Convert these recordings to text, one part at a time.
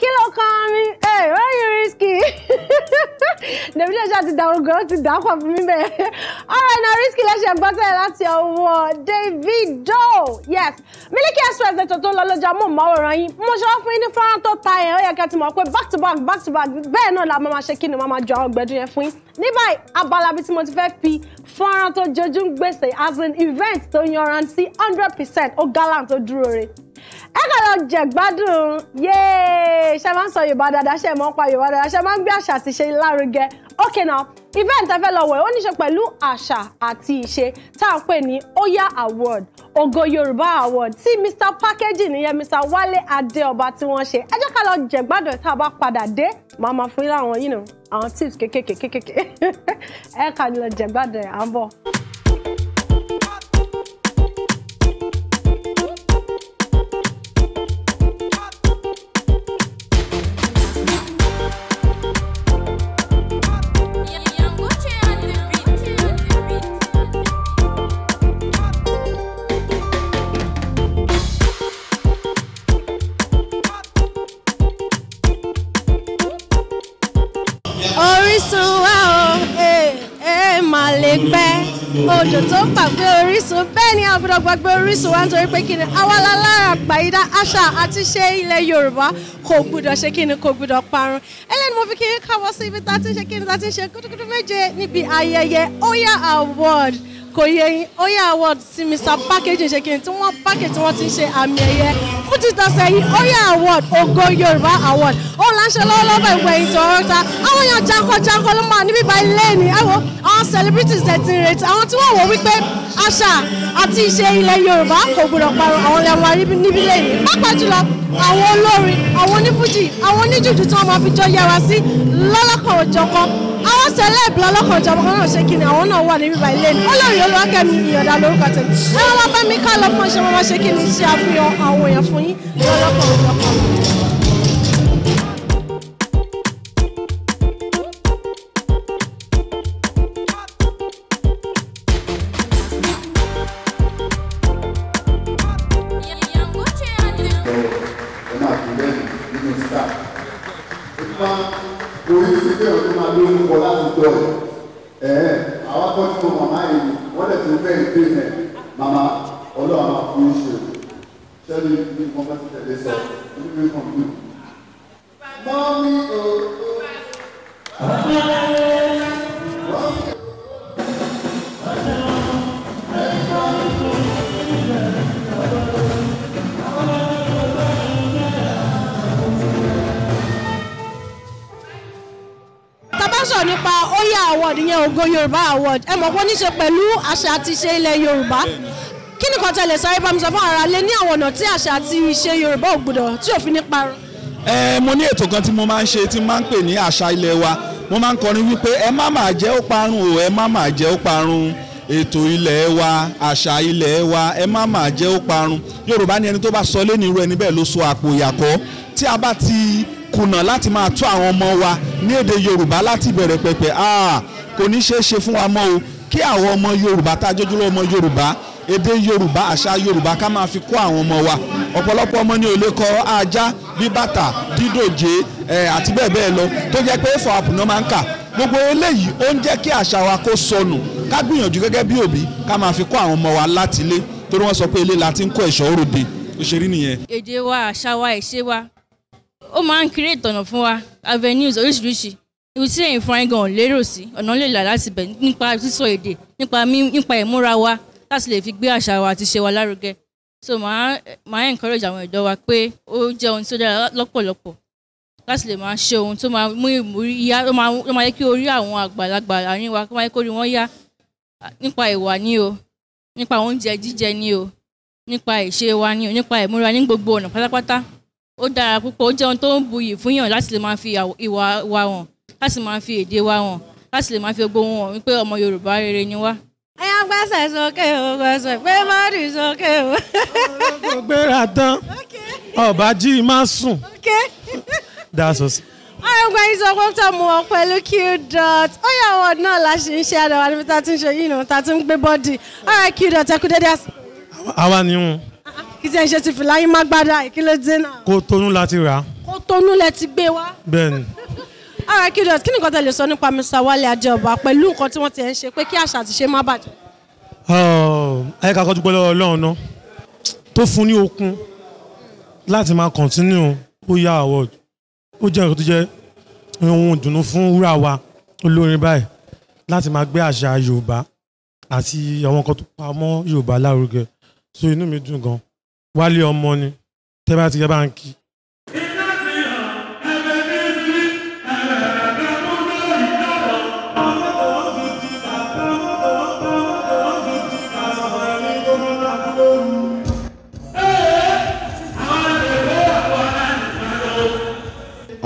Kilo ló kan mi ẹ̀ rẹ́yìn risky dèbí lè ṣe àti dàrúgọ́ ti dàpọ̀ fún mi bẹ́ẹ̀ alright na risky lẹ́sẹ̀ gbọ́sẹ̀ láti ọwọ́ Davido yes Miliki Express ètò tó ń lọ lójú amóhùnmáwòrán yín mo ṣe wá fún yín ní fọ́nrán tó ta yẹn ó yẹ kẹ́ ti mọ̀ pé back to back back to back bẹ́ẹ̀ náà la máa ṣe kí ni máa jọ àwọn gbẹ̀dún yẹn fún yín ní báyìí abala bí tí mo ti fẹ́ fi fọ́nrán tó jojú gbèsè as an event tó yanrantí hundred percent ó gallant ó dúró re ẹ kàn lọ jẹ̀gbádùn yéé ṣe máa ń sọ yorùbá dáadáa ṣe máa ń pa yorùbá dáadáa ṣe máa ń gbé àṣà àti ìṣe lárugẹ okay now event ẹ fẹ́ lọ wẹ̀ ó níṣe pẹ̀lú àṣà àti ìṣe tá à ń pè ní oya award ògo yorùbá award tí mr package nìyẹn mr Wale adéọba tí wọ́n ṣe ẹ jẹ́ ká lọ jẹ̀gbádùn tá a bá padà dé màá máa fún yín láwọn yìí nù àwọn tips kékèké ẹ kàn lọ jẹ̀gbádùn à orísun wa o ẹ eh, eh, má lè pẹ́ òjò tó pàgbé orísun bẹ́ẹ̀ ni àbúrò gbàgbé orísun wa nítorí pé kíni awala lára gbàyídá àṣà àti ṣe ilẹ̀ Yorùbá kò gbúdọ̀ ṣe kíni kò gbúdọ̀ parun ẹlẹ́ni mo fi kí káwọ́ sí ibi tá a ti ń ṣe kíni tá a ti ń ṣe kútúkútú méje níbi ayẹyẹ Oya Award kò yẹ yín Oya award tí Mr Packaging ṣe kí n tí wọ́n package tí wọ́n ti ṣe àmì ẹ̀yẹ fún títọ́sẹ̀ yìí Oya award Ogo Yorùbá award òun là ń ṣe lọ́wọ́lọ́wọ́ ìwé ẹ̀yìn Toyota àwọn èèyàn jankọ jankọ ló máa níbí báyìí lẹ́ẹ̀ni ẹ̀wọ̀ àwọn celebrities dẹ̀ ti ń retí àwọn tí wọ́n wò wípé àṣà àti ìṣe ilẹ̀ Yorùbá kò gbọdọ̀ parun àwọn lẹ́wọ̀n aríbi níbí lẹ́yìn pàápàá jùlọ àwọn olórin àwọn onífújì àwọn oníjùjú tí wọ́n máa fi jọ yẹra sí lọ́lọ́kọ̀ọ́jọ̀kan àwọn celeb lọ́lọ́kọ̀ ìjọba kan náà ṣe kí ni àwọn náà wà níbi báyìí lẹ́nu olórí olúwakẹ́mi ìyọ̀dà lórúkọ tẹ̀lé ẹ wọ́n bá mi ká lọ́pọ̀ ṣe wọ́n bá ṣe kí ni ṣe àfihàn àwọn èèyàn fún yín lọ́lọ́kọ̀ ìjọba. Thank you orí sí pé ọdún máa ló ń láti tọ ẹ ẹ àwọn akọ́jú mọ màmá yìí wọ́n lè tún bẹ́ẹ̀ dé mẹ́ màmá ọlọ́run máa fún un ṣe sẹ́ni ní nǹkan bá ti tẹ̀lé sọ ní nǹkan mọ́mí o. sọ̀rọ̀ nípa Oya award yẹn ògo Yorùbá award ẹ mọ̀ pé ó ní ṣe pẹ̀lú àṣà àti ìṣe ilẹ̀ Yorùbá kí ni kan tẹ̀lé sáré bá mi sọ fún ara lé ní àwọn ọ̀nà tí àṣà àti ìṣe Yorùbá ò tí ò ní parun. ẹ mo ní ètò kan tí mo máa ń ṣe tí mo máa ń pè ní àṣà ilé wa mo máa ń kọrin wípé ẹ má máa jẹ́ ó parun o ẹ má máa jẹ́ ó parun ètò ilẹ̀ wa àṣà ilẹ̀ wa ẹ má máa jẹ́ ó parun Yorùbá ni ẹni tó bá sọ lé kùnà láti máa tọ́ àwọn ọmọ wa ní èdè yorùbá láti bẹ̀rẹ̀ pẹ̀pẹ̀ ah, kò ní ṣeé ṣe fún wa mọ́ o kí àwọn ọmọ yorùbá tá a jójúlọ ọmọ yorùbá èdè yorùbá àṣà yorùbá ká máa fi kọ́ àwọn ọmọ wa ọ̀pọ̀lọpọ̀ ọmọ ní olè kọ ajá bíbàtà dídòjé àti bẹ́ẹ̀ bẹ́ẹ̀ lọ tó jẹ́ pé fọ àpùnà máa ń kà gbogbo eléyìí ó ń jẹ́ kí àṣà wa kó sọnù ká gbìyànjú gẹ́gẹ́ bí òbí ká máa fi kọ́ àwọn ọmọ wa láti ilé torí wọ́n sọ pé ilé la ti ń kọ́ ẹ̀ṣọ́ òròde òṣèré nìyẹn. èdè wa àṣà wa ìṣe wa ó máa ń create ọ̀nà fún wa avenues oríṣiríṣi ibi tí èyí fúnra gan lérò sí ọ̀nà lè là láti bẹ̀ nípa sísọ èdè nípa nípa ìmúra wa láti lè fi gbé àṣà wa àti ṣe wa lárugẹ so màá màá encourage àwọn ẹ̀dọ́ wa pé ó jẹ́ ohun tó dára lọ́pọ̀lọpọ̀ láti lè máa ṣe ohun tó máa mú ìmúrí yá tó máa yẹ kí orí àwọn àgbàlagbà àárín wa kó máa yẹ kó rí wọn yá nípa ìwà ni o nípa oúnjẹ jíjẹ ni o nípa ìṣe wa ni o nípa ìmúra ní gbogbo ọ̀nà pátápátá ó dára púpọ̀ ó jẹ́ ohun tó ń buyì fún yàn láti lè máa fi ìwà wa hàn láti máa fi èdè wa hàn láti lè máa fi gbogbo wọn wípé ọmọ Yorùbá rere ni wá. ẹ yá gbẹ́sẹ̀ sókè o gbẹ́sẹ̀ pé mọ́rì sókè o. ológun gbéra tán ọba jí má sùn. dasos. ọ̀rọ̀gbọ́n yìí sọ tó mú ọ pẹ̀lú q dot ó yà wọ̀ náà la ṣe ń ṣe àdáwà níbi tá a ti ń ṣe yìí nù tá a ti ń gbé bọ́ọ̀dì ọ̀rọ̀ q dot ẹ dédé àsìkò. àwa ni kì í ṣe ṣe ti fìlà yín má gbádà ìkílódé náà. kó tonú la ti rà. kó tonú lẹ ti gbé wá. bẹ́ẹ̀ni. ara curious kí ni nǹkan tẹ lè sọ nípa Mr. Wálé Àjẹọba pẹ̀lú nǹkan tí wọ́n ti ń ṣe pé kí àṣà àti ṣe má bàjẹ́. ayé oh, kakọ́ dúpẹ́ lọ́wọ́ Ọlọ́run náà tó fún ní okun láti máa continue ó yá award ó jẹ́ nǹkan tó jẹ́ ohun ìdùnnú fún wúrà wa olórin báyìí láti máa gbé àṣà Yorùbá àti àwọn nǹkan tó pa mọ́ Yorùbá lárugẹ so inú mi dùn gan-an wálé ọmọ ni tẹ́ bá ti yẹ bá ń kí.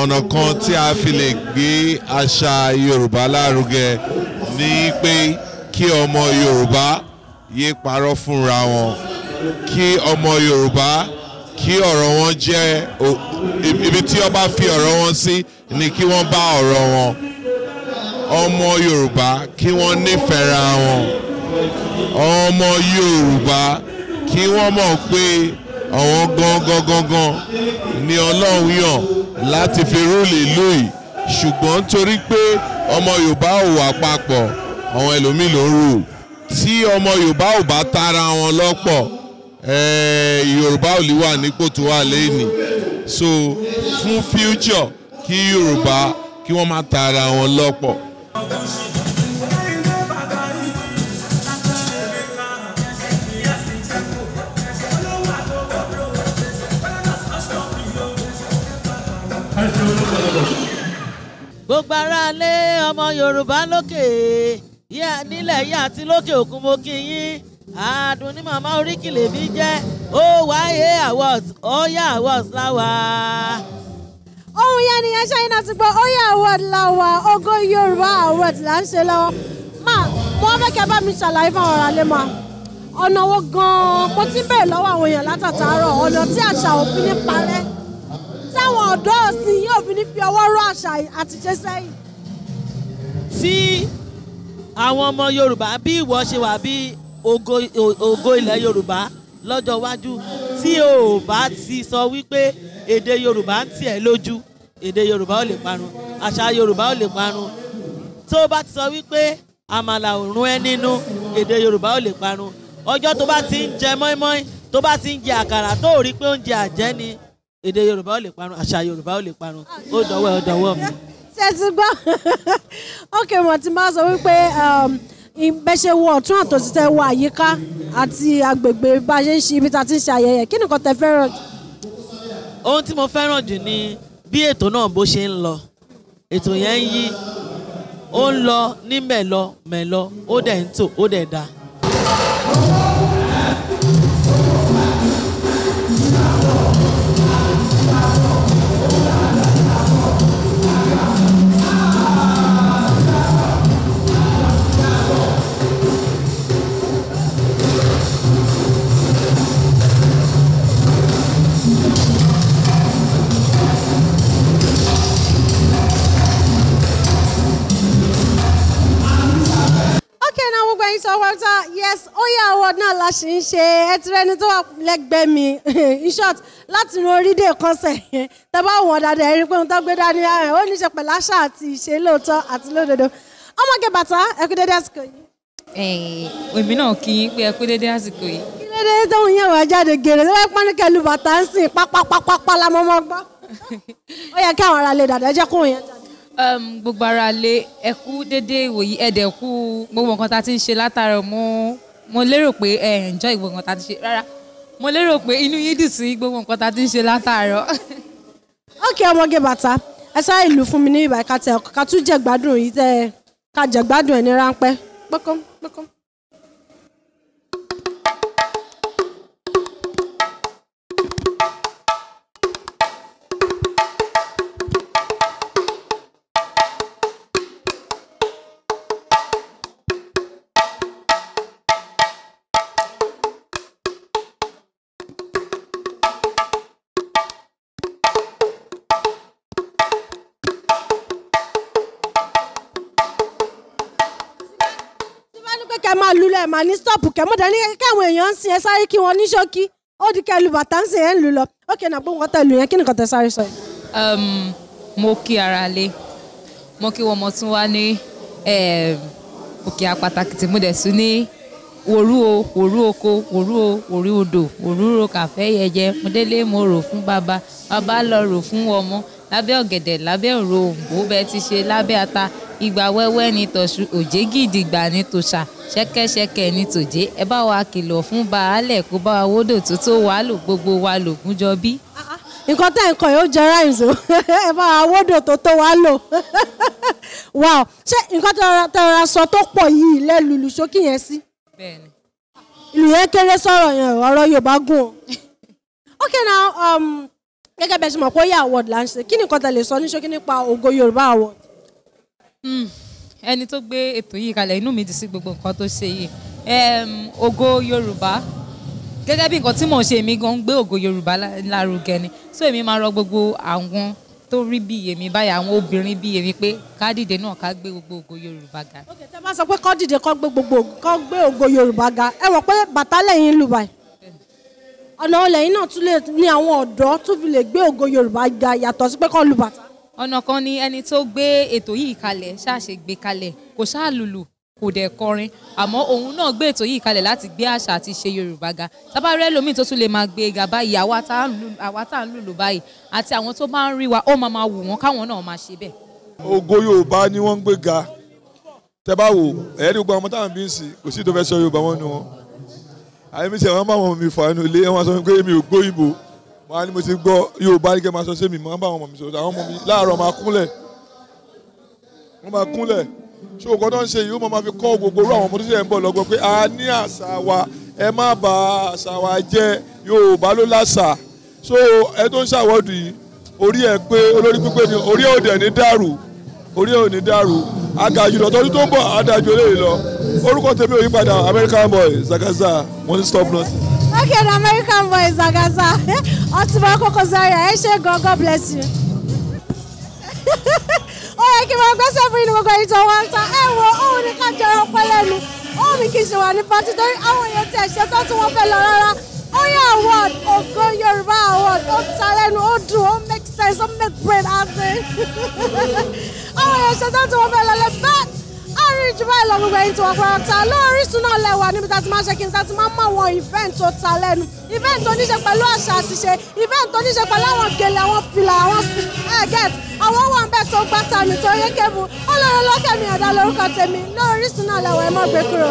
ọ̀nà kan tí a fi lè gbé àṣà Yorùbá lárugẹ ni pé kí ọmọ Yorùbá yéé parọ́ fúnra wọn kí ọmọ Yorùbá kí ọ̀rọ̀ wọn jẹ́ ibi tí ọba fi ọ̀rọ̀ wọn sí ni kí wọ́n bá ọ̀rọ̀ wọn ọmọ Yorùbá kí wọ́n nífẹ̀ẹ́ra wọn ọmọ Yorùbá kí wọ́n mọ̀ pé àwọn gangan gangan ni Ọlọ́run yàn láti fi rúlì ìlú ṣùgbọ́n torí pé ọmọ Yorùbá ò wà papọ̀ àwọn ẹlòmíì ló ń rù tí ọmọ Yorùbá ò bá tara wọn lọ́pọ̀ yorùbá ò lè wà nípò tó wà lẹ́yìn so fún future kí yorùbá kí wọ́n má ta ara wọn lọ́pọ̀. gbogbo aráalé ọmọ yorùbá lókè yíyá nílẹ̀ yíyá àti lókè òkun mo kí yín àdùn ní màmá oríkìlè mi jẹ́ ó wáyé awards Oya awards láwa. ohun yẹn nìyẹn ṣẹ́yìn náà ti gbọ́ Oya awards láwa Ògo Yorùbá awards là ń ṣe lọ́wọ́ máa mo wá fẹ́ kí ẹ bá mi ṣàlàyé fún àwọn ará lé máa ọ̀nà wo gan-an mo ti ń bèrè lọ́wọ́ àwọn èèyàn látàtàárọ̀ ọ̀nà tí àṣà òfin ní parẹ́ táwọn ọ̀dọ́ òsìn yìí òfin ní fi ọwọ́ rọ àṣà àtijọ́ sẹ́yìn. tí àwọn ọmọ Yorùbá bí ìwọ ṣe wà bí ògo ògo ilẹ̀ yorùbá lọ́jọ́ iwájú tí o bá ti sọ wípé èdè yorùbá ń tiẹ̀ lójú èdè yorùbá ò lè parun àṣà yorùbá ò lè parun tó o bá ti sọ wípé àmàlà ò rún ẹ nínú èdè yorùbá ò lè parun ọjọ́ tó bá ti ń jẹ mọ́ínmọ́ín tó bá ti ń jẹ àkàrà tó rí pé oúnjẹ àjẹ́ ni èdè yorùbá ò lè parun àṣà yorùbá ò lè parun ó dọwọ́ ẹ ó dọwọ́ mi. ṣe ti gbọ́ ok mo ti máa sọ wípé. Um, ìbẹ́ṣe wo ọ̀tún àtòsí tẹ wo àyíká àti agbègbè bá a ṣe ń ṣe ibi tá a ti ń ṣe ayẹyẹ kí nìkan tẹ fẹ́ràn jù. ohun tí mo fẹ́ràn jù ni bí ètò náà bó ṣe ń lọ ètò yẹn ń yí ó ń lọ ní mẹ̀lọ mẹ̀lọ ó dẹ̀ ń tò ó dẹ̀ dáa. record náà la ṣì ń ṣe ẹtìrẹni tó wà lẹ́gbẹ̀ẹ́ mi in short láti ran orílẹ̀ kọsẹ̀ yẹn tẹ́ bá wọ̀n dáadáa ẹ rí pé ohun tó gbé dání ẹ̀ ó ní ṣe pẹ̀lú àṣà àti ìṣe lóòótọ́ àti lódodo ọmọge bàtà ẹ kú dédé àsìkò yìí. èmi náà kí yín pé ẹ kú dédé àsìkò yìí. kí ló dé tóun yẹn wàá jáde gèrè tó bá bàtà ń sìn pápápápá la mọ́mọ́ gbọ́. ó yẹ kí àwọn ará lè dàdá jẹ́ kóun yẹn jáde gbogbo ara lé ẹkú dédé ìwòyí gbogbo nǹkan tá a ti ń ṣe látàrí mú mo lérò pé ẹ enjoy gbogbo nǹkan tá a ti ṣe rárá mo lérò pé inú yín dùn sí gbogbo nǹkan tá a ti ń ṣe látàárọ̀. ókè ọmọge bàtà ẹ sáré ìlú fún mi ní ìbàkátẹ ká tún jẹ gbádùn yìí tẹ ká jẹ gbádùn ẹ ní ráńpẹ́ pẹkọm pẹkọm. lulẹ̀ mà ní stọ́ọ̀pù kẹ́ mọ́ dání káwọn èèyàn ń sin ẹ sáré kí wọ́n ní ṣókí ó di kẹ́ lu bàtà ń sin ẹ ń lu lọ ókè náà gbóhùn ọ̀tẹ̀ lu yẹn kí nìkan tẹ sáré sọ um, mo kí ara lé mo kí wọn mo tún wá ní eh, òkè apàtàkì tí mo dẹ̀ sún ní òru o òru oko òru o òru odò òru ro kàfẹ́ yẹjẹ mo délé mo rò fún bàbá bàbá lọ rò fún ọmọ lábẹ́ ọ̀gẹ̀dẹ̀ lábẹ́ òro òǹbó bẹ́ẹ̀ ti ṣe lábẹ́ ata ìgbà wẹ́wẹ́ ni tọ̀ṣù òjé gidi gbà ni tòṣà ṣẹ́kẹ́ṣẹkẹ̀ ní tòjé ẹ bá wa kìlọ̀ fún baálẹ̀ kó bá wa wódò tó tó gbogbo wa lògùn jọ bí. nǹkan tẹ́ ń kọ yóò jẹ́ o ẹ bá wa wódò tó tó wà lò wow ṣé nǹkan tẹ́ sọ tó pọ̀ yìí lẹ́lùlù ṣókí yẹn sí. ìlú yẹn kéré sọ̀rọ̀ yẹn ọ̀rọ̀ Yorùbá gùn o now um, gẹ́gẹ́ bẹ́ẹ̀ ṣe mọ̀ pé ó award sọ ẹni tó gbé ètò yìí kalẹ̀ inú mi dì sí gbogbo nǹkan tó ṣe yìí ògo Yorùbá gẹ́gẹ́ bí nǹkan tí mò ń ṣe èmi gan ń gbé ògo Yorùbá lárugẹ ni so èmi máa rọ gbogbo àwọn tó rí bí èmi báyìí àwọn obìnrin bí èmi pé ká dìde náà ká gbé gbogbo ògo Yorùbá ga. ok tẹ bá sọ pé kọ́ dìde kọ́ gbé gbogbo kọ́ gbé ògo Yorùbá ga ẹ wọ pé bàtà lẹ́yìn lù báyìí ọ̀nà ọ̀lẹ́yìn náà tún lè ní àwọn ọ̀dọ́ tún fi lè gbé ògo Yorùbá ga yàtọ̀ sí pé kọ́ lù bàtà ọ̀nà kan ni ẹni tó gbé ètò yìí kalẹ̀ ṣáàṣe gbé kalẹ̀ kò ṣáàlùlù kò dẹ̀ kọrin àmọ́ òun náà gbé ètò yìí kalẹ̀ láti gbé àṣà àti ṣe Yorùbá ga tábàárẹ̀ lómi tó tún lè máa gbé ga báyìí àwa tá à ń lùlù báyìí àti àwọn tó bá ń rí wa ó máa máa wù wọ́n káwọn náà máa ṣe bẹ́ẹ̀. ògo Yorùbá ni wọ́n ń gbé ga tẹ́ bá wò ẹ̀yẹ́ ní gbogbo àwọn táwọn bí ń sìn kò sí ìdọ́fẹ́ Yorùbá wọn nu wọn àyẹ̀mí sẹ́wọ́n bá wọn mi fà wọn á ní mo ti gbọ́ Yorùbá ní máa sọ sí mi máa bá àwọn ọmọ mi sọ̀rọ̀ àwọn ọmọ mi láàárọ̀ máa kúnlẹ̀ wọ́n máa kúnlẹ̀ ṣé òkò tó ń ṣe yìí ó máa fi kọ́ gbogbo orú àwọn ọmọ tó ṣe ń bọ̀ lọ́gbọ́n pé a ní àṣà wa ẹ má bà àṣà wa jẹ́ Yorùbá ló láṣà so ẹ tó ń ṣàwọ́dù yìí orí ẹ pé olórí pípé ni orí ẹ ní dàrú orí ò ní dàrú agàjù tọdún tó ń bọ̀ adájú eléyìí lọ orúkọ tèmi ò yípadà American boy Zagaza one stop nurse. okay na American boy Zagaza. Ọ̀túnba Koko Zaria ẹ ṣe gan God bless you. ó yẹ kí n máa gbẹ́sẹ̀ fún inú gbogbo ìtàn wọn ta ẹ wo òun ni ká jẹrọ ọpẹ lẹ́nu òun mi kì í ṣe wà ní pátí torí àwọn èèyàn tiẹ̀ ṣe tó tí wọ́n fẹ́ lọ rárá Oya award Ògo Yorùbá award ó ta lẹ́nu ó dùn ó make sense ó make brain out of it àwọn èèyàn ṣe tó tí wọ́n fẹ́ lọ lẹ́ bẹ́ẹ̀ lọ gbogbo ẹyin tí wọ́n pátá lóríṣun náà lẹ́wà níbi tá a ti máa ṣe kí n tá a ti máa mọ àwọn event tó ta lẹ́nu event tó níṣe pẹ̀lú àṣà àtiṣe event tó níṣe pẹ̀lú àwọn gèlè àwọn fìlà àwọn ẹ̀gẹ́t eh, àwọn wọn bẹ́ẹ̀ tó gbàtà mi tó yé kébù ọlọ́run lọ́kẹ́ mi ẹ̀dá lórúkọ tèmi lóríṣun náà lẹ́wà ẹ má gbé kúrò.